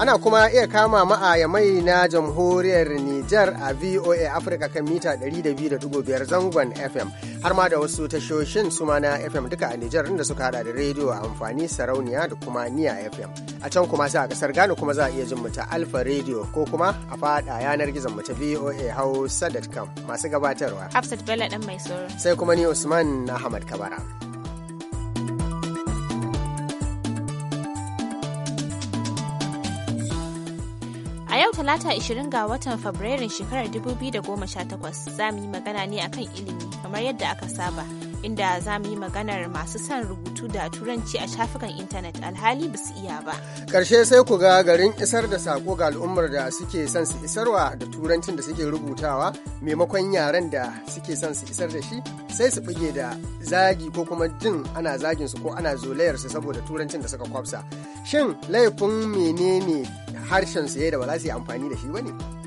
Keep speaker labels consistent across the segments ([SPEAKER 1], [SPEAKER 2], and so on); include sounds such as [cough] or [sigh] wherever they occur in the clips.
[SPEAKER 1] Ana kuma iya kama ma'a mai na jamhuriyar Nijar a VOA Africa kan mita 200.5 zangon FM har ma da wasu tashoshin suma na FM duka a Nijar inda suka hada da rediyo a amfani sarauniya da kuma niya FM. A can kuma sai a kasar Ghana kuma za a iya jin ta Alfa rediyo ko kuma a fada yanar gizon mu ta VOA Hausa.com masu gabatarwa.
[SPEAKER 2] Hafsat Bello dan mai
[SPEAKER 1] Sai kuma ni Usman Ahmad Kabara.
[SPEAKER 2] talata 20 ga watan Fabrairun shekarar 2018 za mu yi magana ne akan ilimi kamar yadda aka saba. inda za mu yi maganar masu son rubutu da turanci a shafukan intanet alhali ba su iya ba.
[SPEAKER 1] Karshe sai ku ga garin isar da sako ga al'ummar da suke son su isarwa da turancin da suke rubutawa maimakon yaren da suke son su isar da shi sai su fige da zagi ko kuma jin ana zagin su ko ana zolayar su saboda turancin da suka kwafsa. Shin laifin menene harshen su da ba za su yi amfani da shi ba ne?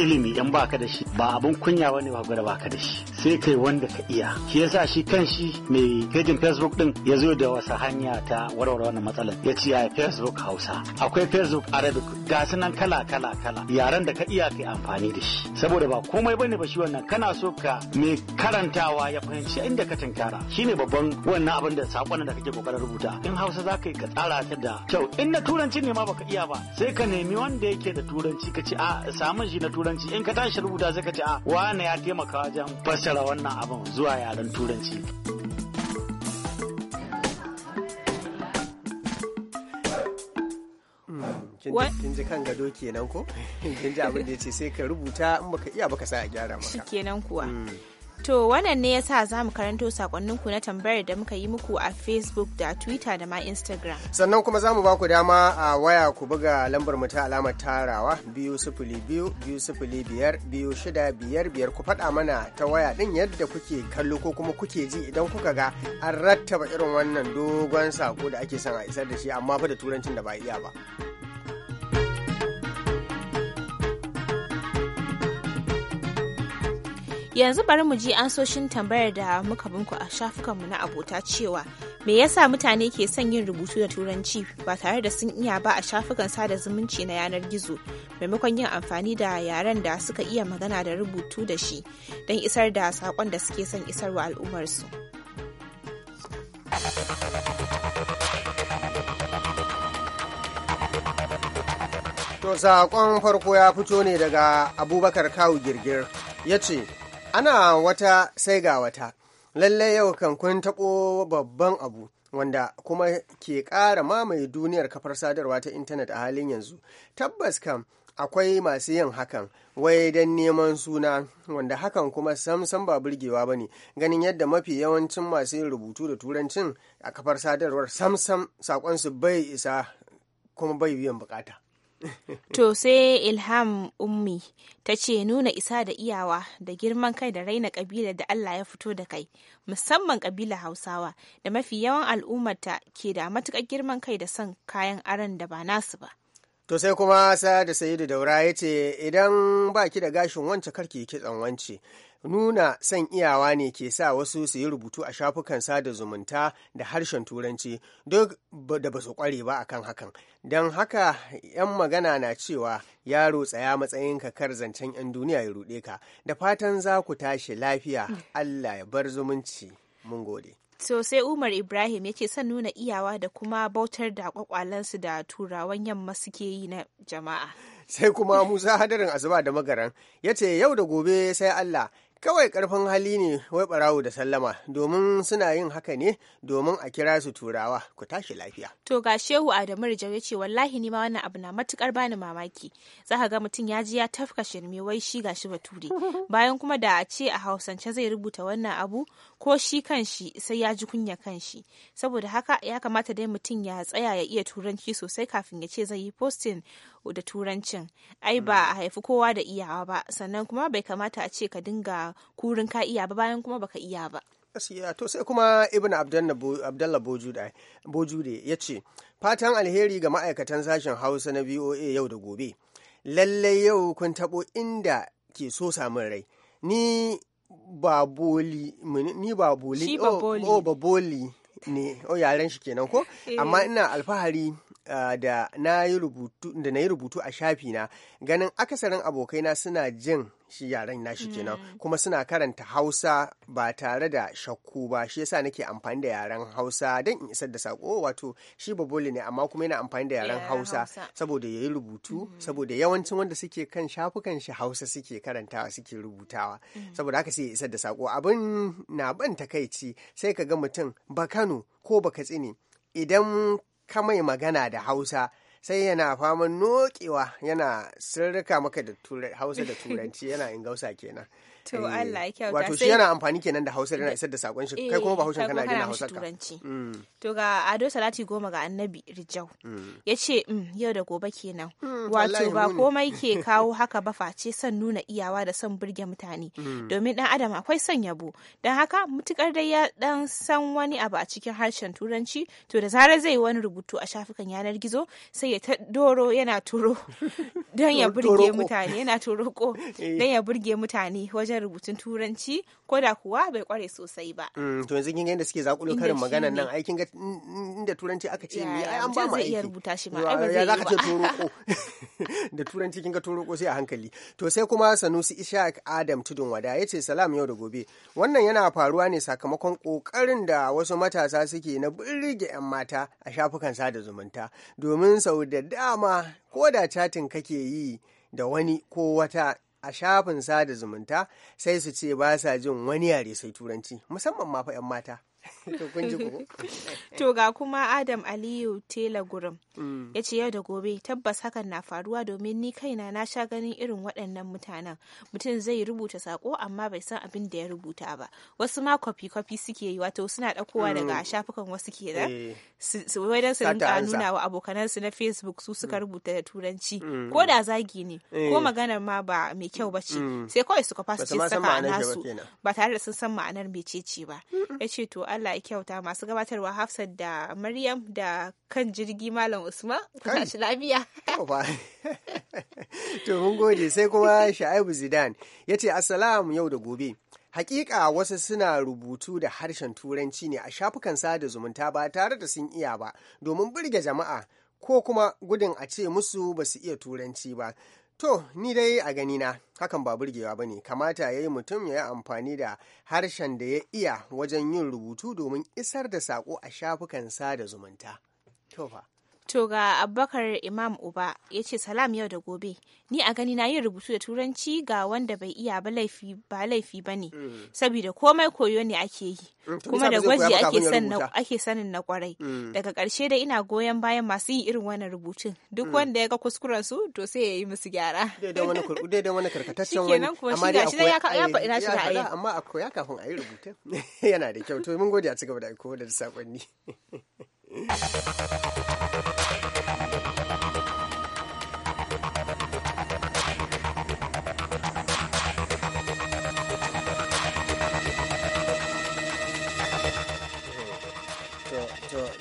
[SPEAKER 3] ilimi yan baka da shi ba abun kunya bane ba gwada baka da shi sai kai wanda ka iya shi yasa shi kan shi mai gajin facebook din ya zo da wasa hanya ta warware wannan matsalar ya ce yaya facebook hausa akwai facebook arabic ga sunan kala kala kala yaren da ka iya kai amfani da shi saboda ba komai bane ba shi wannan kana so ka mai karantawa ya fahimci inda ka tinkara shine babban wannan abin da sakon da kake kokarin rubuta in hausa za ka yi ka tsara ta da kyau in na turanci ne ma baka iya ba sai ka nemi wanda yake da turanci ka ce a samun shi na turanci turanci in ka tashi rubuta sai ka ce a ah, wane ya taimaka wajen fassara wannan abin zuwa yaren turanci
[SPEAKER 1] kin ji kan gado kenan ko [laughs] kin ji abin da ya ce sai ka rubuta in baka iya baka sa a gyara maka
[SPEAKER 2] shikenan kuwa mm. To wannan ne yasa za mu karanto sakonninku na tambayar da muka yi muku a Facebook da Twitter da ma Instagram.
[SPEAKER 1] Sannan kuma za mu ba ku dama a waya ku buga lambar mu ta alamar tarawa biyu sifili biyu biyu sifili biyar biyu shida biyar biyar ku faɗa mana ta waya ɗin yadda kuke kallo ko kuma kuke ji idan kuka ga an rattaba irin wannan dogon sako da ake son a isar da shi amma fa da turancin da ba iya ba.
[SPEAKER 2] Yanzu bari mu ji ansoshin tambayar da muka binku a shafukanmu na abota cewa me yasa mutane ke son yin rubutu da turanci ba tare da sun iya ba a shafukan sada zumunci na yanar gizo maimakon yin amfani da yaren da suka iya magana da rubutu da shi don isar da saƙon da suke son isarwa al'ummarsu.
[SPEAKER 1] To saƙon farko ya fito ne daga Abubakar Kawu Girgir ya ce, ana wata sai ga wata lallai yau kan kun taɓo babban abu wanda kuma ke ƙara mamaye duniyar kafar sadarwa ta intanet a halin yanzu tabbas kan akwai masu yin hakan wai don neman suna wanda hakan kuma samsam ba burgewa ba ne ganin yadda mafi yawancin masu yin rubutu da turancin a kafar sadarwar samsam saƙonsu bai isa kuma bai biyan bukata
[SPEAKER 2] to sai ilham ummi ta ce nuna isa da iyawa da girman kai da raina kabilar da allah ya fito da kai musamman kabilar hausawa da mafi yawan al'ummarta ke da matukar girman kai da son kayan aron da ba nasu ba
[SPEAKER 1] to sai kuma sa da sayidu daura ya ce idan ba ki da gashin wance karki kitsan wance nuna san iyawa ne ke sa wasu su yi rubutu a shafukan sada zumunta da harshen turanci duk da ba su kware ba akan hakan don haka 'yan magana na cewa yaro tsaya matsayin kakar zancen 'yan duniya ya ruɗe ka da fatan za ku tashi lafiya [laughs] allah ya bar zumunci mun gode
[SPEAKER 2] so sai umar ibrahim yake son nuna iyawa da kuma bautar da kwakwalansu da turawan yamma suke yi na jama'a
[SPEAKER 1] sai kuma musa hadarin asuba da magaran ya ce yau da gobe sai allah kawai karfin hali ne wai barawo da sallama domin suna yin haka ne domin a kira su turawa ku tashi lafiya
[SPEAKER 2] to ga shehu adamu rijau ya ce wallahi ni ma wannan abu na matukar bani mamaki za ka ga mutum ya ji ya tafka shirme wai shi ga shi bature [laughs] bayan kuma da a ce a hausance zai rubuta wannan abu ko shi kan shi sai ya ji kunya kan shi saboda haka ya kamata dai mutum ya tsaya ya iya turanci sosai kafin ya ce zai yi posting da turancin ai ba hmm. a haifi kowa da iyawa ba sannan kuma bai kamata a ce ka dinga kurin ka iya ba bayan kuma baka iya ba
[SPEAKER 1] gaskiya to sai kuma ibn abdallah bojude ya ce fatan alheri ga ma'aikatan sashen hausa na boa yau da gobe lallai yau kun tabo inda ke so samun rai ni ba ni ba boli oh, oh, ne o oh, yaren shi kenan ko [laughs] eh. amma ina alfahari da na yi rubutu a shafi na ganin akasarin abokaina suna jin shi yaren nashi kenan mm. kuma suna karanta hausa ba tare da shakku ba shi yasa nake amfani da yaren hausa don in isar da sako oh, wato shi babole ne amma kuma yana amfani da yaren hausa saboda ya yi rubutu mm-hmm. saboda yawancin wanda suke kan shafukan shi hausa suke karantawa suke rubutawa mm-hmm. saboda haka sai ya isar da sako abin na ban takaici sai ka ga mutum ba kano ko ba tsini idan ka mai magana da hausa sai yana faman nokewa yana sirrika maka da hausa da turanci yana ingausa kenan to eh, Allah ya kyauta wato shi yana amfani kenan da Hausa yana isar da sakon shi kai kuma eh, Hausa kana gina Hausa ka turanci mm.
[SPEAKER 2] to ga Ado Salati goma ga Annabi Rijau mm. yace mm, yau da gobe kenan wato ba komai ke [laughs] kawo haka ba face son nuna iyawa da son burge mutane domin dan adam akwai son yabo dan haka mutukar dai ya dan san wani abu a cikin harshen turanci to da zarar zai wani rubutu a shafukan yanar gizo sai ya ta doro yana turo [laughs] dan [laughs] eh. ya burge mutane yana turo ko dan ya burge mutane wajen rubutun turanci ko da kuwa bai kware sosai ba
[SPEAKER 1] mm, to yanzu kin yadda suke zakulo karin magana nan aikin ga inda turanci aka ce ni ai an ba mu aiki rubuta shi ma ai ba zai yi ba. [laughs] [laughs] da turanci kin ga toroko sai a hankali to sai kuma Sanusi Ishaq Adam Tudun Wada yace salam yau da gobe wannan yana faruwa ne sakamakon kokarin da wasu matasa suke na birge 'yan mata a shafukan sada zumunta domin sau da dama ko da chatin kake yi da wani ko wata a shafin sada zumunta sai su ce ba sa jin wani yare sai turanci musamman ma fa 'yan mata [laughs]
[SPEAKER 2] [laughs] to ga kuma adam aliyu tela gurum mm. ya ce yau da gobe tabbas hakan na faruwa domin ni kaina na sha ganin irin waɗannan mutanen mutum zai rubuta sako amma bai san abin da ya rubuta ba wasu ma kwafi kwafi suke yi wato suna ɗaukowa mm. daga shafukan wasu ke da eh. wai su rinka nuna wa abokanansu na facebook su suka mm. rubuta da turanci ko da zagi ne ko eh. maganar ma ba mai kyau ba ce sai kawai suka fasa ce saka nasu ba tare da sun san ma'anar mecece ba ya ce to Allah ya kyauta masu gabatarwa Hafsat da Maryam da kan jirgi Malam Usman kusa shi lafiya.
[SPEAKER 1] [laughs] To mun gode sai kuma Sha'ibu Zidane ya ce Assalamu yau da gobe. Hakika wasu suna rubutu da harshen Turanci ne a shafukan sada zumunta ba tare da sun iya ba domin burge jama'a ko kuma gudun a ce musu ba su iya Turanci ba. To, ni dai a ganina, hakan ba burgewa ba ne, kamata ya yi mutum ya yi amfani da harshen da ya iya wajen yin rubutu domin isar da saƙo a shafukan sada zumunta. To fa.
[SPEAKER 2] To ga Abubakar Imam Uba ya ce salam yau da gobe. Ni a gani na yin rubutu da turanci ga wanda bai iya ba laifi ba laifi ba ne. Mm. Saboda komai koyo ne ake yi. Mm, kuma da gwaji ake sanin na kwarai. Mm. Daga ƙarshe da ina goyon bayan masu yi irin wannan rubutun. Duk wanda ya ga kuskuren su to sai ya yi musu gyara. Dai wani
[SPEAKER 1] [laughs] wani karkataccen wani. shi gashi ya faɗi na shi ra'ayi. Amma a koya kafin a yi rubutun. [laughs] Yana da kyau to mun gode a cigaba da aiko da saƙonni. [laughs]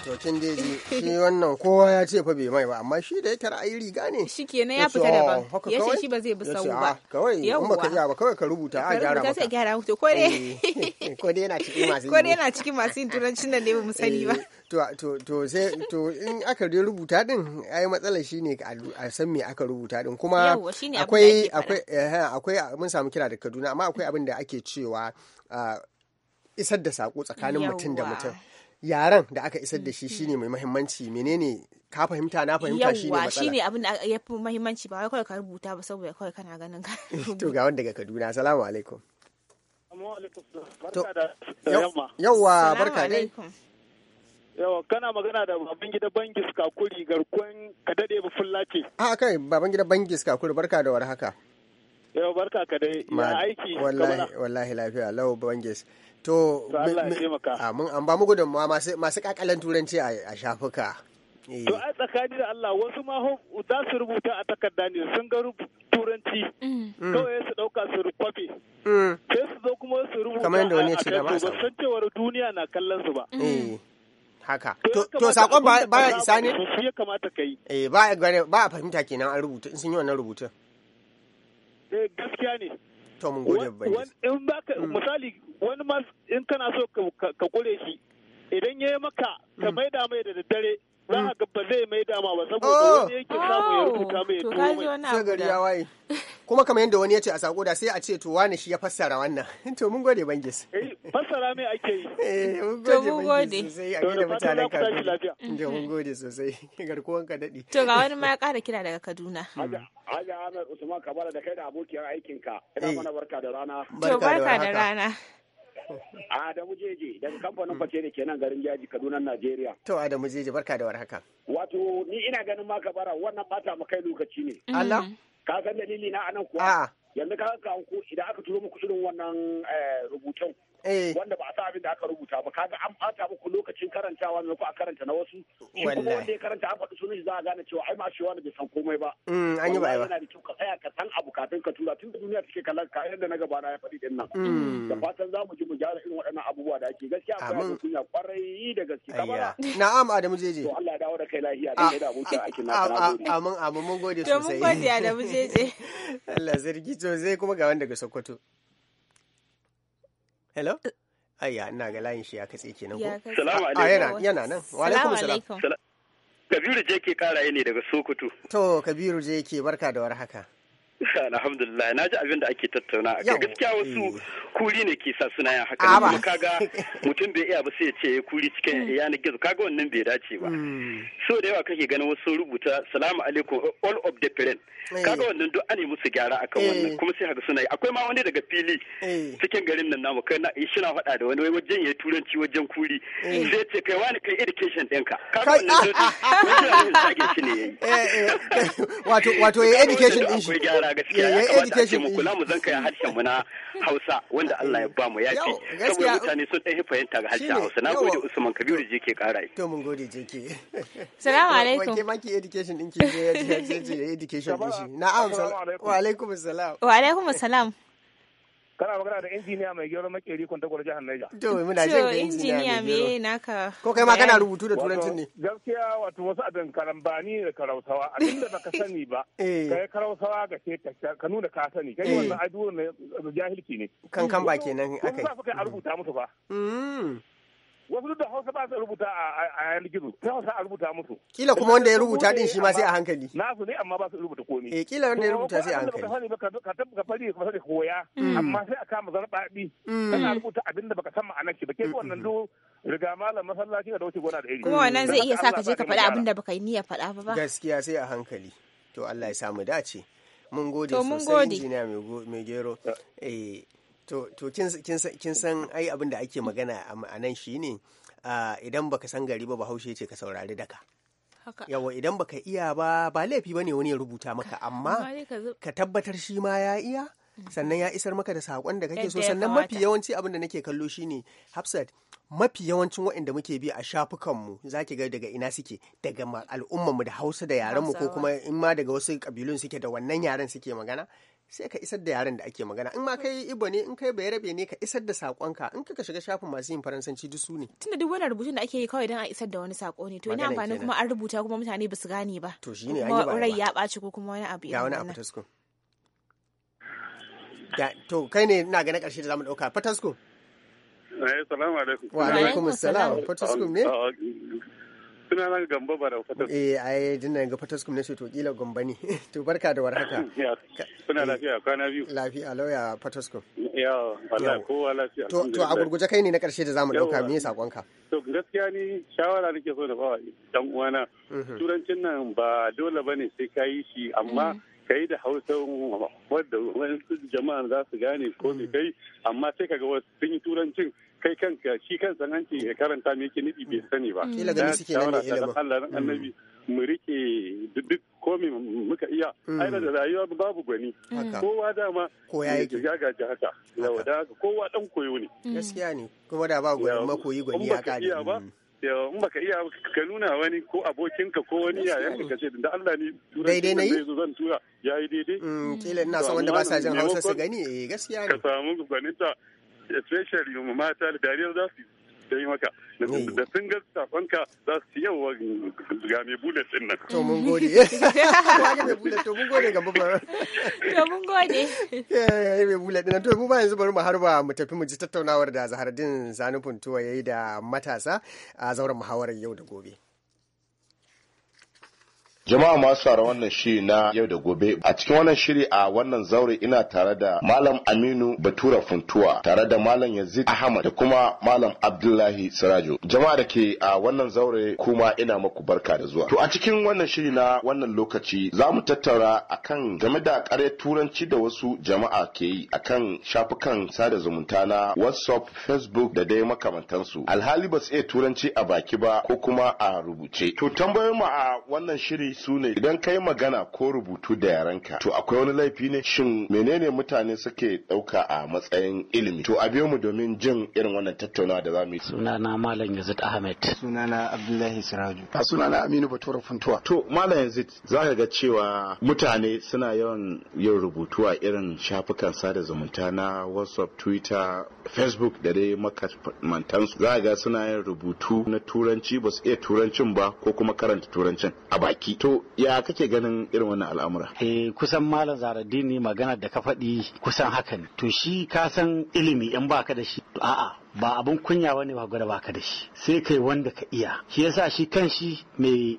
[SPEAKER 1] to daidai dai ji shi wannan kowa ya ce fa bai mai ba amma shi da yake ra'ayi riga ne shikenan
[SPEAKER 2] ya fita ba ya ce oh, shi ba zai bi sau ah, ba kawai in ka iya
[SPEAKER 1] ba kawai ka rubuta a gyara maka
[SPEAKER 2] ka gyara muku ko dai eh, ko dai yana cikin masu [laughs] ko dai yana cikin masu yin turancin nan ne ba mu sani ba eh,
[SPEAKER 1] to to sai to in aka dai rubuta din ai matsalar shine a san me aka rubuta din kuma akwai akwai eh, akwai mun samu kira da Kaduna amma akwai abin da ake cewa ah, isar da sako tsakanin mutum da mutum yaren da aka isar da shi mm-hmm. shine mai mahimmanci menene ka fahimta na fahimta shine matsala shi ne,
[SPEAKER 2] abin da ya fi mahimmanci ba wai kawai ka rubuta ba saboda kawai kana ganin ka
[SPEAKER 1] [laughs] to ga wanda ga Kaduna assalamu alaikum
[SPEAKER 2] yauwa barka dai
[SPEAKER 4] yawa kana magana da baban gida bangis kakuri garkon ka ba fullace ce
[SPEAKER 1] a kai baban gida bangis kakuri barka da warhaka
[SPEAKER 4] yau barka ka dai ya aiki wallahi
[SPEAKER 1] wallahi lafiya lau bangis To, mun an ba mu gudunmawa masu kakalan turanci a shafuka. Eh. To, a
[SPEAKER 5] tsakani da Allah wasu ma za su rubuta a takarda ne sun ga turanci
[SPEAKER 1] mm. Mm. kawai
[SPEAKER 5] su ɗauka su rufafe. Mm. Sai su zo kuma su rubuta a kan wani da san cewar duniya na kallon su ba. Eh,
[SPEAKER 1] haka. To, sakon baya isa ne? Su ya kamata ka yi. Eh, ba a fahimta kenan an rubuta, in sun yi wannan rubutun.
[SPEAKER 4] Eh, gaskiya ne.
[SPEAKER 1] To, mun gode ba.
[SPEAKER 4] Misali, wani ma in kana so ka kure shi idan ya yi maka ka mm. maida mai da daddare za mm. a ga ba zai maida ma ba saboda oh! wani yake samu ya rubuta oh!
[SPEAKER 1] mai to mai sai gari ya waye [laughs] kuma kamar yadda wani ya ce a sako da sai a ce to wani shi ya fassara wannan [laughs] to mun gode bangis eh, fassara mai ake yi [laughs] eh mun gode bangis sai a gida mutanen ka To mun gode sosai garkuwan ka dadi to
[SPEAKER 2] ga wani ma ya kara kira daga kaduna hmm. Haja Ahmed Usman Kabara da kai da abokiyar aikinka ina eh. mana barka da rana barka da rana
[SPEAKER 3] Adamu Jeje daga kamfanin face da kenan garin Jaji Kaduna Najeriya.
[SPEAKER 1] To Adamu Jeje barka da warhaka.
[SPEAKER 3] Wato ni ina ganin maka bara wannan bata mu kai lokaci ne. Mm-hmm. Allah. Ka san dalili na anan kuwa. Yanzu ka ga ko idan aka turo muku irin wannan eh, rubutun Eh. wanda ba a sa abin da aka rubuta ba kaga an bata muku lokacin karantawa ko a karanta na wasu shi kuma wanda ya karanta an faɗi sunan za a gane cewa ai ma shi wani bai san komai ba
[SPEAKER 1] mm, an yi ba yana da
[SPEAKER 3] kyau ka tsaya ka san abu kafin ka tura tun da duniya take kallon ka yadda na gaba na ya faɗi din nan mm.
[SPEAKER 1] da fatan za mu ji mu gyara irin waɗannan abubuwa da ake gaskiya akwai abin kunya
[SPEAKER 4] kwarai da gaske kamar
[SPEAKER 1] na'am Adamu jeje to Allah ya dawo da kai lafiya ah, da da abokin aikin ah, na ah, amin amin mun gode sosai to mun gode Adamu jeje [laughs] Allah zargi to zai kuma ga wanda ga Sokoto hello Aya, ina ga layin shi ya katse kenan ko salamu ah, alaikum yana nan wa alaikum salam kabiru je ke karaye ne daga sokoto to kabiru je ke barka da warhaka haka
[SPEAKER 6] [laughs] alhamdulillah na ji abin da ake tattauna a gaskiya wasu eh. kuri ne ke sa suna yin haka kuma kaga [laughs] mutum bai iya ba sai ya ce kuri cikin hmm. yanar gizo kaga wannan bai dace
[SPEAKER 4] ba hmm.
[SPEAKER 6] so da yawa kake ganin wasu rubuta salamu alaikum all of the parent eh. kaga wannan duk an musu gyara akan wannan eh. kuma sai haka suna yi akwai ma wani daga fili cikin garin nan namu kai na shi na faɗa da wani wai wajen ya turanci wajen kuri sai ce kai wani kai education
[SPEAKER 1] ɗinka kaga wannan duk [laughs] wani
[SPEAKER 4] ne ya yi
[SPEAKER 1] wato wato ya education ɗin shi Allah gaskiya eh, ya eh, kamata a ce mu kula mu zanka ya harshen mu na Hausa wanda Allah ya ba mu ya ce saboda mutane sun ɗan fahimta ga harshen Hausa na gode Usman Kabiru JK kara to mun gode JK salamu alaikum ke maki education din ki je education din shi na'am wa alaikum salam wa alaikum salam kana magana da injiniya
[SPEAKER 4] mai gyaran makeri kun tagwar jihar Niger.
[SPEAKER 1] To muna jin da injiniya mai
[SPEAKER 2] naka. Ko kai ma kana rubutu da turancin ne.
[SPEAKER 4] Gaskiya wato wasu abin karambani da karausawa abin da baka [laughs] sani ba. Eh. Kai karausawa ga ce ka nuna ka sani kai eh. wannan aduwar jahilci ne. Kankan ba kenan akai. Kun sa a rubuta musu ba. Mm. wasu da hausa ba su rubuta a yanar gizo ta hausa a rubuta musu kila kuma wanda ya rubuta din shi ma sai a hankali nasu ne amma ba su rubuta komai eh kila wanda ya rubuta sai a hankali ka sani ka ka fari ka sani koya mm. amma sai a kama zarbabi
[SPEAKER 1] mm. kana rubuta abin da baka san ma'anar shi ba ke wannan do riga malam masallaci da wuce gona da iri kuma wannan zai iya sa ka je ka faɗi abin da
[SPEAKER 2] baka yi niyya faɗa ba
[SPEAKER 1] gaskiya sai a hankali to Allah ya samu dace mun gode sosai injiniya mai gero eh to kin san ai abin da ake magana a nan shine idan baka san gari ba bahaushe ce ka saurari daka yawa idan baka iya ba ba laifi bane wani ya rubuta maka amma ka tabbatar shi ma ya iya sannan ya isar maka da saƙon da kake so sannan mafi yawanci abin da nake kallo shine hafsat mafi yawancin waɗanda muke bi a shafukanmu za ki ga daga ina suke daga al'ummarmu da hausa da yarenmu ko kuma in ma daga wasu ƙabilun suke da wannan yaren suke magana sai ka isar da yaren da ake magana in ma kai ibo ne in kai bayarabe ne ka isar da sakonka in ka shiga shafin masu yin faransanci duk su ne
[SPEAKER 2] tunda duk wani rubutun da ake yi kawai don a isar da wani sako ne to ina amfani kuma an rubuta kuma mutane ba su gane ba to shi ne yi ba rai ya ɓaci ko kuma wani abu ya wani
[SPEAKER 1] abu tasko to kai ne ina ga na ƙarshe da zamu ɗauka fatasko
[SPEAKER 4] Assalamu eh, alaikum. Wa alaikum assalam. Fatasko ne? suna nan gamba ba da eh ai
[SPEAKER 1] dinnan ga fatas kuma nace to kila gamba ne [laughs] to barka da warhaka
[SPEAKER 4] [laughs] suna eh, lafiya kwana biyu lafiya
[SPEAKER 1] lauya fatas ko
[SPEAKER 4] yawa wallahi ko lafiya to to a gurguje kai ne na karshe da zamu dauka me ka to gaskiya ni shawara nake so da bawa dan uwana mhm. turancin nan ba dole bane sai yi shi amma mhm. kai da hausa wadda wani jama'a za su gane ko me mhm. kai amma sai kaga wasu sun yi turancin kai kanka shi kansa nan ce ya karanta me yake nidi bai sani ba kila ganin suke nan ne Allah mm. ko muka iya mm. ai da rayuwa babu kowa da kowa ne
[SPEAKER 1] gaskiya da ba gwani makoyi gwani ya kare mm.
[SPEAKER 4] in baka iya ka nuna wani da Allah ne daidai na yi zan tura daidai kila ina son wanda ba sa jin Hausa su
[SPEAKER 1] gani eh, gaskiya ne ka
[SPEAKER 4] samu gwaninta especially mata da dariyar za su yi maka da sun ga sakonka za su yi yawa ga mai bude din nan. To mun gode. [laughs] To mun gode
[SPEAKER 1] ga babbar. To mun gode. Eh mai bude din to mu ba yanzu bari mu harba mu tafi mu ji tattaunawar da Zahardin Zanufuntuwa yayi da matasa a zauren muhawarar yau da gobe.
[SPEAKER 7] Jama'a masu tsara wannan shiri na yau da gobe. A cikin wannan shiri a wannan zaure ina tare da Malam Aminu Batura Funtuwa tare da Malam Yazid Ahmad da kuma Malam Abdullahi Sirajo. Jama'a da ke a wannan zaure kuma ina maku barka da zuwa. To a cikin wannan shiri na wannan lokaci za mu tattauna akan game da kare turanci da wasu jama'a ke yi akan shafukan sada zumunta na WhatsApp, Facebook da dai makamantansu. Alhali ba su iya turanci a baki ba ko kuma a rubuce. To tambayoyinmu a wannan shiri su ne idan yi magana ko rubutu da yarenka to akwai wani laifi ne shin menene mutane suke ɗauka a matsayin ilimi to a biyo mu domin jin irin wannan tattaunawa da zamu yi sunana malam yazid ahmed sunana abdullahi siraju a sunana
[SPEAKER 6] aminu batura funtuwa
[SPEAKER 7] to malam yazid za ka ga cewa mutane suna yawan yin rubutu a irin shafukan sada zumunta na whatsapp twitter facebook da dai makamantansu za ga suna yin rubutu na turanci ba su iya turancin ba ko kuma karanta turancin a baki to to ya kake ganin irin wannan al'amura
[SPEAKER 3] eh kusan malam zaradini magana da ka faɗi kusan haka ne to shi ka san ilimi in ba ka da shi a'a ba abun kunya bane ba gwada baka da shi sai kai wanda ka iya shi yasa shi kan shi mai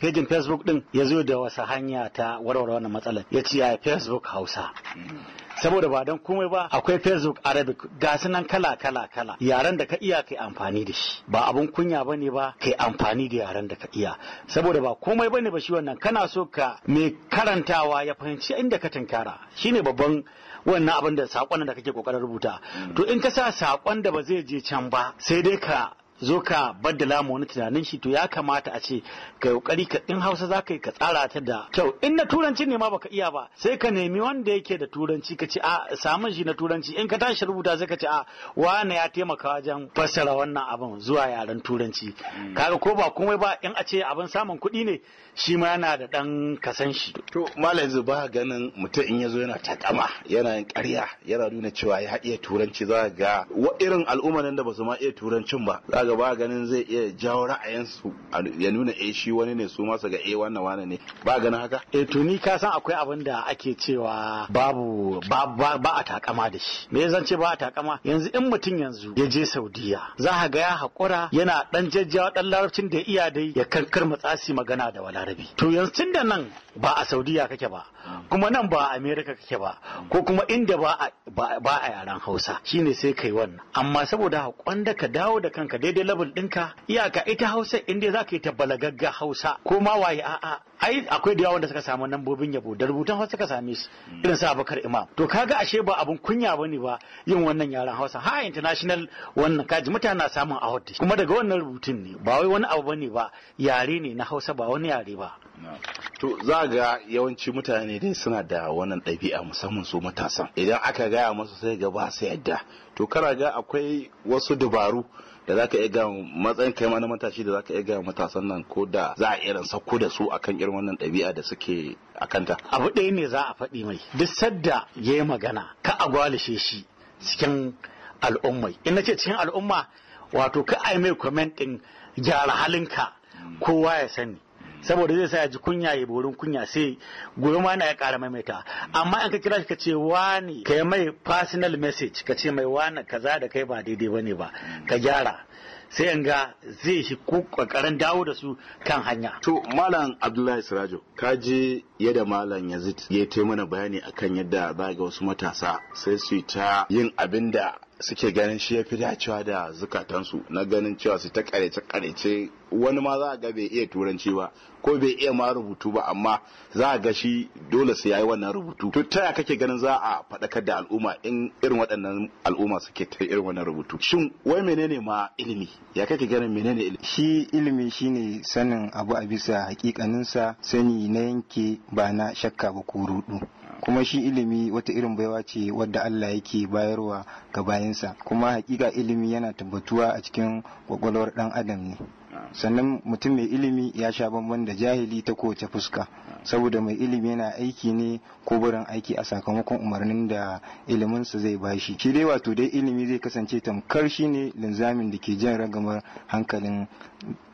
[SPEAKER 3] pejin facebook din ya zo da wasa hanya ta warware wannan matsalar ya ce ya facebook hausa mm. saboda ba don komai ba akwai facebook arabic ga nan kala kala kala yaren da ka iya kai amfani da shi ba abun kunya bane ba kai amfani da yaren da ka iya saboda ba komai bane ba shi wannan kana so ka mai karantawa ya fahimci inda ka tinkara shine babban wannan abin da sakon da kake kokarin rubuta to in ka sa sakon da ba zai je can ba sai dai ka zo ka baddala mu wani tunanin shi to ya kamata a ce ka kokari ka in Hausa za ka yi ka tsara ta da kyau in na turanci ne ma baka iya ba sai ka nemi wanda yake da turanci ka ce a samun shi na turanci in ka tashi rubuta sai ka ce a wane ya taimaka wajen fassara wannan abin zuwa yaren turanci hmm. kaga ko ba komai ba in a ce abin samun kuɗi ne shi ma yana da dan kasan shi to malam ba ganin mutum in yazo yana takama yana yin ƙarya yana nuna cewa ya iya
[SPEAKER 7] turanci za ga irin al'umman da ba su ma iya turancin ba daga ganin zai iya jawo ra'ayinsu ya nuna eh shi wani ne su masu ga eh wannan wani ne ba ganin haka
[SPEAKER 3] eh to ni ka san akwai abin da ake cewa babu ba a takama da shi me zan ce ba a takama yanzu in mutum yanzu ya je Saudiya za a ga ya haƙura yana dan jajjawa dan larabcin da iya dai ya karkar matsasi magana da walarabi to yanzu tun da nan ba a Saudiya kake ba kuma nan ba a America kake ba ko kuma inda ba a yaren yaran Hausa shine sai kai wannan amma saboda haƙon da ka dawo da kanka daidai daidai level ɗinka iyaka ita hausa inda za ka yi ta balagagga hausa ko ma waye a'a ai akwai da yawa wanda suka samu nambobin yabo da rubutan hausa suka same su mm. irin sa abakar imam to kaga ashe ba abun kunya bane ba yin wannan yaran hausa ha international wannan kaji mutane na samun award kuma daga wannan rubutun ne ba wai wani abu bane ba yare ne na hausa ba wani yare ba to za ga yawanci
[SPEAKER 7] mutane dai suna da wannan ɗabi'a musamman su matasan idan aka gaya masu sai gaba sai yadda to kana ga akwai wasu dabaru da zaka iya ga matsayin kai ma na matashi da zaka iya ga matasan nan ko da za a irin sako da su akan irin wannan ɗabi'a da suke akanta
[SPEAKER 3] abu ɗaya ne za a faɗi mai duk sadda ya yi magana ka a gwalishe shi cikin al'ummai in na ce cikin al'umma wato ka ai mai comment ɗin gyara halinka mm. kowa ya sani saboda zai sa ya ji kunya ya borin kunya sai goyo ma yana ya ƙara maimaita amma in ka kira shi ka ce wani ka yi mai personal message ka ce mai wani kaza da kai ba daidai ba ne ba ka gyara sai in ga zai shi kokarin dawo da su kan hanya. To Malam Abdullahi Sirajo, ka je yadda Malam
[SPEAKER 7] Yazid ya yi mana bayani akan yadda za ga wasu matasa sai su ta yin abin da suke ganin shi ya fi dacewa da zukatansu na ganin cewa su ta karece karece wani ma za a ga bai iya turanci ba ko bai iya ma rubutu ba amma za a ga shi dole su yayi wannan rubutu to ta ya kake ganin za a faɗakar da al'umma in irin waɗannan al'umma
[SPEAKER 5] suke ta irin wannan rubutu shin wai menene ma ilimi ya kake ganin menene ilimi shi ilimi shine sanin abu a bisa hakikaninsa sani na yanke ba na shakka ba ko rudu kuma shi ilimi wata irin baiwa ce wadda Allah yake bayarwa ga bayinsa kuma hakika ilimi yana tabbatuwa a cikin kwakwalwar dan adam ne sannan mutum mai ilimi ya sha bamban da jahili ta kowace fuska saboda mai ilimi yana aiki ne ko barin aiki a sakamakon umarnin da iliminsa zai ba shi dai wato dai ilimi zai kasance tamkar shi ne linzamin da ke jan ragamar hankalin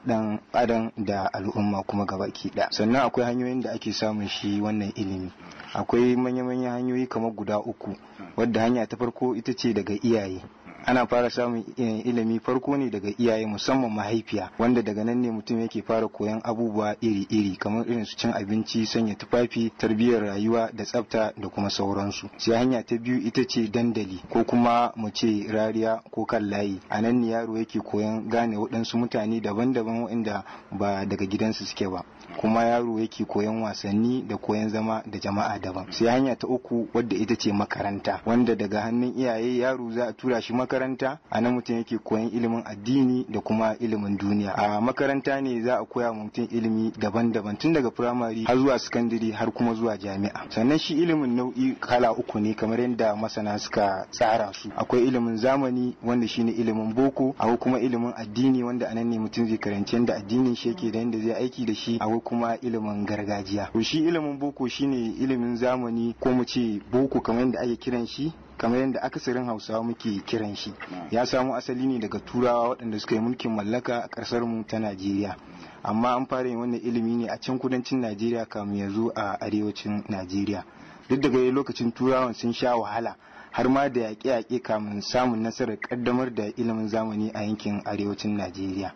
[SPEAKER 5] dan adam da al'umma kuma gabaki ɗaya sannan akwai hanyoyin da ake samun shi wannan ilimi akwai manya-manyan hanyoyi kamar guda uku wadda hanya ta farko ita ce daga iyaye ana fara samun eh, ilimi farko ne daga iyaye musamman mahaifiya wanda daga nan ne mutum yake fara koyan abubuwa iri-iri kamar irin su cin abinci sanya tufafi tarbiyyar rayuwa da tsafta da kuma sauransu sai hanya ta biyu ita ce dandali ko kuma mu ce rariya ko kan layi a nan ne yaro yake koyan gane waɗansu mutane daban-daban waɗanda ba daga gidansu suke ba kuma yaro yake koyan wasanni da koyan zama da jama'a daban sai hanya ta uku wadda ita ce makaranta wanda daga hannun iyaye yaro za a tura shi makaranta a nan mutum yake koyan ilimin addini da kuma ilimin duniya a makaranta ne za a koya mutum ilimi daban-daban tun daga firamare har zuwa sakandare har kuma zuwa jami'a sannan shi ilimin nau'i kala uku ne kamar yadda masana suka tsara su akwai ilimin zamani wanda shine ilimin boko akwai kuma ilimin addini wanda anan ne mutum zai karanci yadda addinin shi yake da yadda zai aiki da shi a ko kuma ilimin gargajiya to shi ilimin boko shine ilimin zamani ko mu ce boko kamar yadda ake kiran shi kamar yadda akasarin hausawa muke kiran shi ya samo asali ne daga turawa waɗanda suka yi mulkin mallaka a ƙasar mu ta najeriya amma an fara yin wannan ilimi ne a can kudancin najeriya kamun ya zo a arewacin najeriya duk daga lokacin turawan sun sha wahala har ma da yaƙe-yaƙe kamun samun nasarar ƙaddamar da ilimin zamani a yankin arewacin najeriya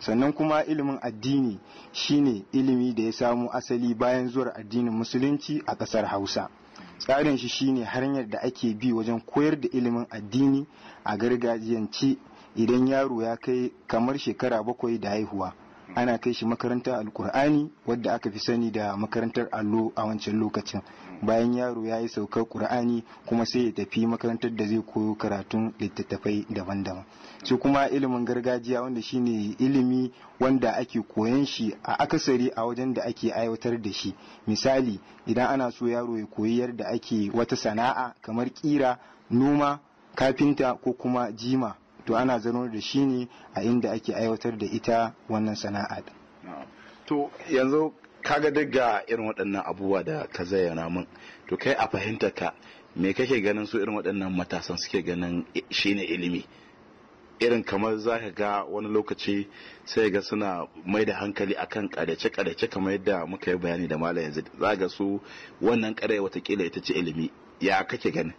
[SPEAKER 5] sannan kuma ilimin addini shine ilimi da ya samu asali bayan zuwar addinin musulunci a ƙasar hausa tsarin shi shine hanyar da ake bi wajen koyar da ilimin addini a gargajiyance idan yaro ya kai kamar shekara bakwai da haihuwa ana kai shi makarantar alkur'ani wadda aka fi sani da makarantar allo a wancan lokacin bayan yaro ya yi saukar ƙur'ani kuma sai ya tafi makarantar da zai koyo karatun littattafai daban-daban shi kuma ilimin gargajiya wanda shine ilimi wanda ake koyan shi a akasari a wajen da ake aiwatar da shi misali idan ana so yaro ya koyi yadda ake wata sana'a kamar kira noma kafinta ko kuma jima to ana zano da shi ne a inda ake aiwatar da ita wannan sana'a
[SPEAKER 7] to yanzu kaga duk ga irin waɗannan abubuwa da ka zayyana min to kai a fahimta ka me kake ganin su irin waɗannan matasan suke ganin shine ilimi irin kamar za ka ga wani lokaci sai ga suna mai da hankali akan kadace kadace kamar yadda muka yi bayani da malam yanzu za ga su wannan kare watakila ita ce ilimi ya kake ganin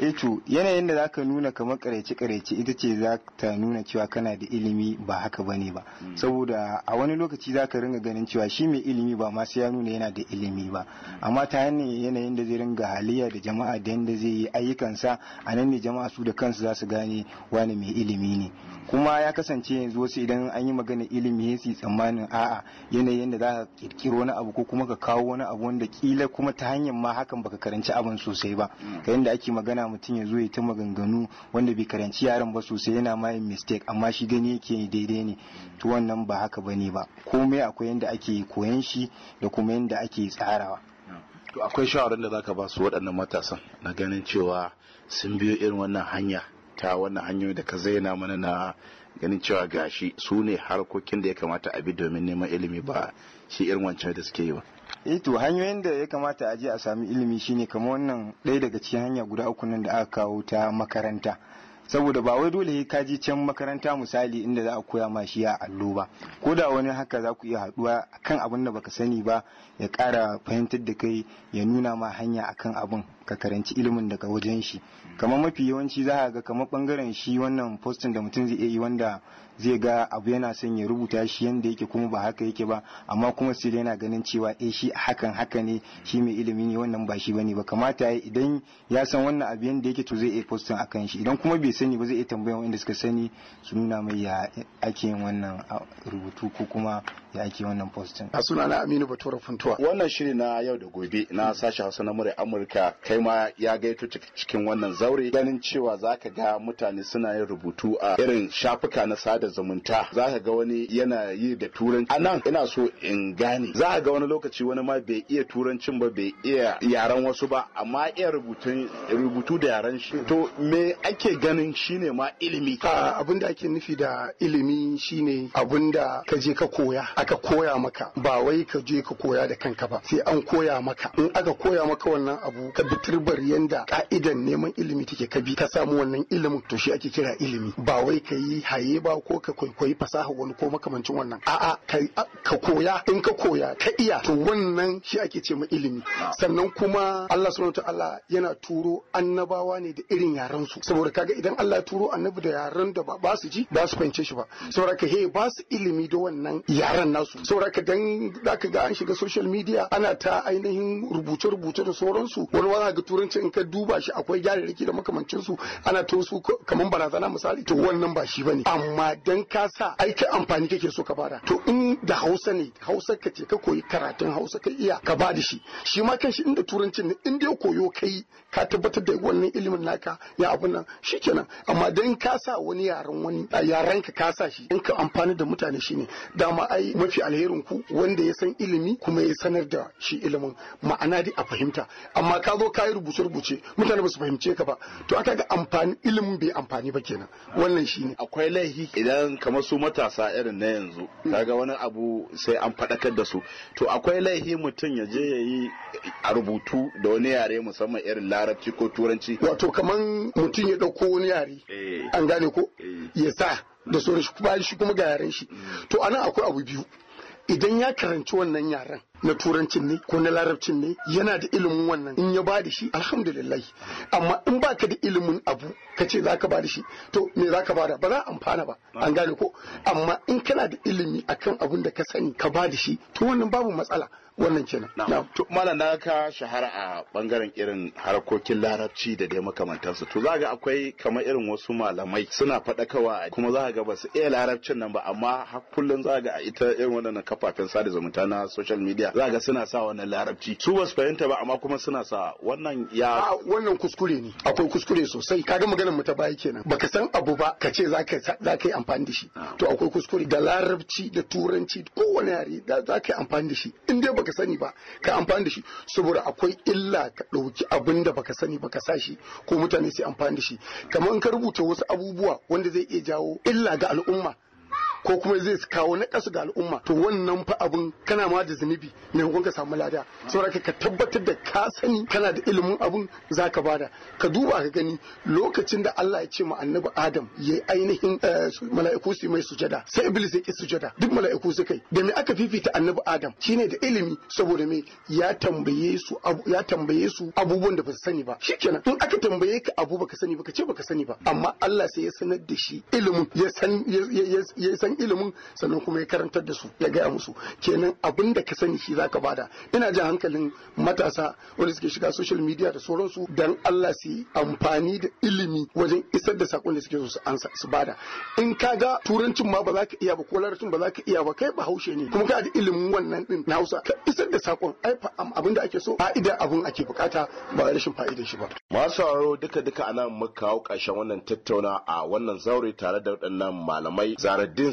[SPEAKER 5] eto eh to yanayin da zaka nuna kamar kareci kareci ita ce za ta nuna cewa kana da ilimi ba haka ba ne ba hmm. saboda a wani lokaci zaka ringa ganin cewa shi mai ilimi ba masu sai ya nuna yana da ilimi ba hmm. amma ta hanyar yanayin da zai ringa halayya da jama'a da yanda zai yi ayyukansa a nan ne jama'a su da kansu za su gane wani mai ilimi ne hmm. kuma ya kasance yanzu wasu idan an yi magana ilimi sai tsammanin a'a yanayin da zaka kirkiro wani abu ko kuma ka kawo wani abu wanda kila kuma ta hanyar ma hakan baka karanci abin sosai ba ka yanda ake magana mutum ya zo ya ta maganganu wanda bai karanci yaran ba sosai yana ma yin mistake amma shi gani yake daidai ne to wannan ba haka bane ba komai akwai yanda ake koyan shi da kuma yanda ake tsarawa
[SPEAKER 7] to akwai shawarar da zaka ba su waɗannan matasan na ganin cewa sun biyo irin wannan hanya ta wannan hanyoyi da ka zaina mana na ganin cewa gashi su ne harkokin da ya kamata a bi domin neman ilimi ba shi irin wancan da suke yi ba
[SPEAKER 5] eh to hanyoyin da ya kamata a je a sami ilimi shine kamar wannan ɗaya daga cikin hanya guda uku nan da aka kawo ta makaranta saboda ba wai dole ka je can makaranta misali inda za a koya ma shi ya allo ba ko da wani haka za ku iya haɗuwa kan abin da baka sani ba ya ƙara fahimtar da kai ya nuna ma hanya akan abin ka karanci ilimin daga wajen shi kamar mafi yawanci za ga kamar bangaren shi wannan postin da mutum zai iya yi wanda zai ga abu yana son ya rubuta shi yanda yake kuma ba haka yake ba amma kuma sai yana ganin cewa eh shi hakan haka ne shi mai ilimi ne wannan ba shi bane ba kamata idan ya san wannan abu yanda yake to zai iya postin akan shi idan kuma bai sani ba zai iya tambayan wanda suka sani su nuna mai ya ake wannan rubutu ko kuma ya ake wannan postin a na Aminu Batura Funtuwa
[SPEAKER 7] wannan shiri na yau da gobe na sashi Hausa na murya Amurka kai ma ya gaito cikin wannan zaure ganin cewa za ka ga mutane suna yin rubutu a irin shafuka na sada da zumunta za ka ga wani yana yi da turanci a nan ina so in gane za ka ga wani lokaci wani ma bai iya turancin ba bai iya yaren wasu ba amma iya rubutu da yaren shi to me ake ganin shine ma ilimi abin da ake nufi da ilimi shine abin da ka je ka
[SPEAKER 6] koya aka koya maka ba wai ka je ka koya da kanka ba sai an koya maka in aka koya maka wannan abu ka bi turbar yanda ka'idan neman ilimi take ka bi ka samu wannan ilimin to shi ake kira ilimi ba wai ka yi haye ba ko ko ka kwaikwayi fasaha wani ko makamancin wannan a'a ka koya in ka koya ka iya to wannan shi ake ce ma ilimi sannan kuma Allah subhanahu ta'ala yana turo annabawa ne da irin yaran su saboda kaga idan Allah ya turo annabi da yaran da ba su ji ba su fahimce shi ba saboda ka he ba su ilimi da wannan yaran nasu saboda ka dan zaka ga an shiga social media ana ta ainihin rubuce rubuce da sauransu wani wani ga turanci in ka duba shi akwai gyararraki da makamancin su ana tosu su kaman barazana misali to wannan ba shi bane amma idan ka sa aiki amfani kake so ka bada to in da hausa ne hausa ka ce ka koyi karatun hausa ka iya ka bada shi shi ma kanshi inda turanci ne in dai koyo kai ka tabbatar da wannan ilimin naka ya abun nan shi kenan. amma dan ka sa wani yaren wani yaren ka ka sa shi in ka amfani da mutane shine dama ai mafi alherin ku wanda ya san ilimi kuma ya sanar da shi ilimin ma'ana dai a fahimta amma ka zo ka yi rubuce-rubuce mutane ba su fahimce ka ba to aka ga amfani ilimin bai amfani ba kenan
[SPEAKER 7] wannan shine akwai laifi idan idan kamar su matasa irin na yanzu kaga wani abu sai an faɗakar da su to akwai laihi mutum ya je ya yi a rubutu da wani yare musamman irin larabci ko turanci wato kaman mutum ya ɗauko wani yare eh. an gane ko eh. ya sa da sauran shi shi kuma ga yaren shi mm. to anan akwai abu
[SPEAKER 6] biyu idan ya karanci wannan yaren na turancin ne ko na larabcin ne yana da ilimin wannan in ya bada shi alhamdulillah amma in baka da ilimin abu ka ce za ka bada shi to me za ka bada ba za amfana ba an gane ko amma in kana da ilimi akan abun da ka sani ka bada shi to wannan babu matsala wannan kenan
[SPEAKER 7] na to malam na ka shahara a bangaren irin harkokin larabci da dai makamantansu to za ga akwai kamar irin wasu malamai suna faɗakawa kuma za ga ba su iya larabcin nan ba amma har kullun za ga ita irin wannan kafafen sada zumunta na social media tarbiyya za ga suna sa wannan larabci su basu fahimta ba amma kuma suna sa wannan ya
[SPEAKER 6] wannan kuskure ne akwai kuskure sosai kaga maganar mu ta baya kenan baka san abu ba ka ce za ka yi amfani da shi ah. to akwai kuskure da larabci da turanci kowane yare za ka yi amfani da shi in dai baka sani ba ka amfani da shi saboda akwai illa ka dauki abin da baka sani baka sa shi ko mutane su amfani da shi kamar in ka rubuta wasu abubuwa wanda zai iya jawo illa ga al'umma ko kuma zai kawo na ƙasa ga al'umma to wannan fa abin kana ma da zunubi ne kun ka samu lada saboda ka tabbatar da ka sani kana da ilimin abin zaka bada ka duba ka gani lokacin da Allah ya ce ma annabi Adam yayi ainihin eh, mala'iku su mai sujada sai Iblis ya ki sujada duk mala'iku su kai da me aka fifita annabi Adam shine da ilimi saboda me ya tambaye su ya tambaye su abubuwan da ba su sani ba shikenan in aka tambaye ka abu baka sani baka ce baka sani ba amma Allah sai ya sanar da shi ilimin ya san ya san ilimin sannan kuma ya karantar da su ya gaya musu kenan abin da ka sani shi zaka bada ina jin hankalin matasa wanda suke shiga social media da sauransu dan Allah su yi amfani da ilimi wajen isar da sakon da suke so su ansa su bada in ka ga turancin ma ba za ka iya ba ko larabcin ba za ka iya ba kai ba haushe ne kuma ka ji ilimin wannan din na Hausa ka isar da sakon ai abin da ake so fa'ida abin ake bukata ba rashin fa'ida shi ba
[SPEAKER 7] masu sauraro duka duka anan muka kawo ƙarshen wannan tattauna a wannan zaure tare da waɗannan malamai Zaradin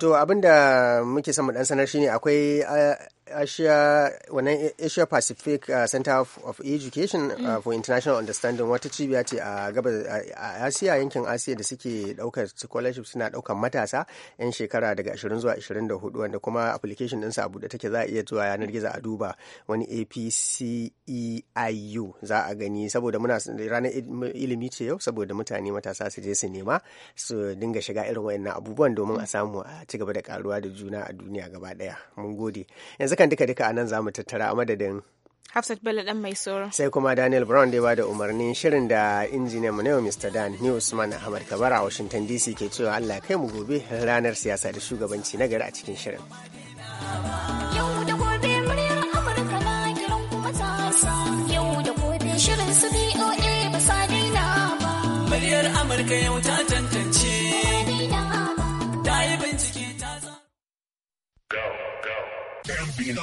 [SPEAKER 1] To abinda muke son ɗan dan sanar shine akwai eh, Asia, wannan Asia Pacific uh, Center of, of Education uh, mm. uh, for International Understanding wata cibiya ce a gaba a asia yankin asia da suke daukar scholarship suna daukar matasa yan shekara daga 20 zuwa 24 wanda kuma application ɗinsa a buɗe take za a iya zuwa yanar gizo a duba wani APCEIU za a gani saboda muna ranar ilimi ce yau saboda mutane matasa su je su nema su dinga shiga irin wayannan abubuwan domin a samu a ci gaba da karuwa da juna a duniya gaba ɗaya mun gode yanzu yanzu kan duka duka za mu tattara a madadin
[SPEAKER 2] Hafsat Bello dan mai tsoro.
[SPEAKER 1] Sai kuma Daniel Brown da ya bada umarnin shirin da injiniyan mu na Mr. Dan ni Usman Ahmad Kabara a Washington DC ke cewa Allah kai mu gobe ranar siyasa da shugabanci na gari a cikin shirin.
[SPEAKER 3] Yau da gobe muryar Amurka kiran yau da ta tantance.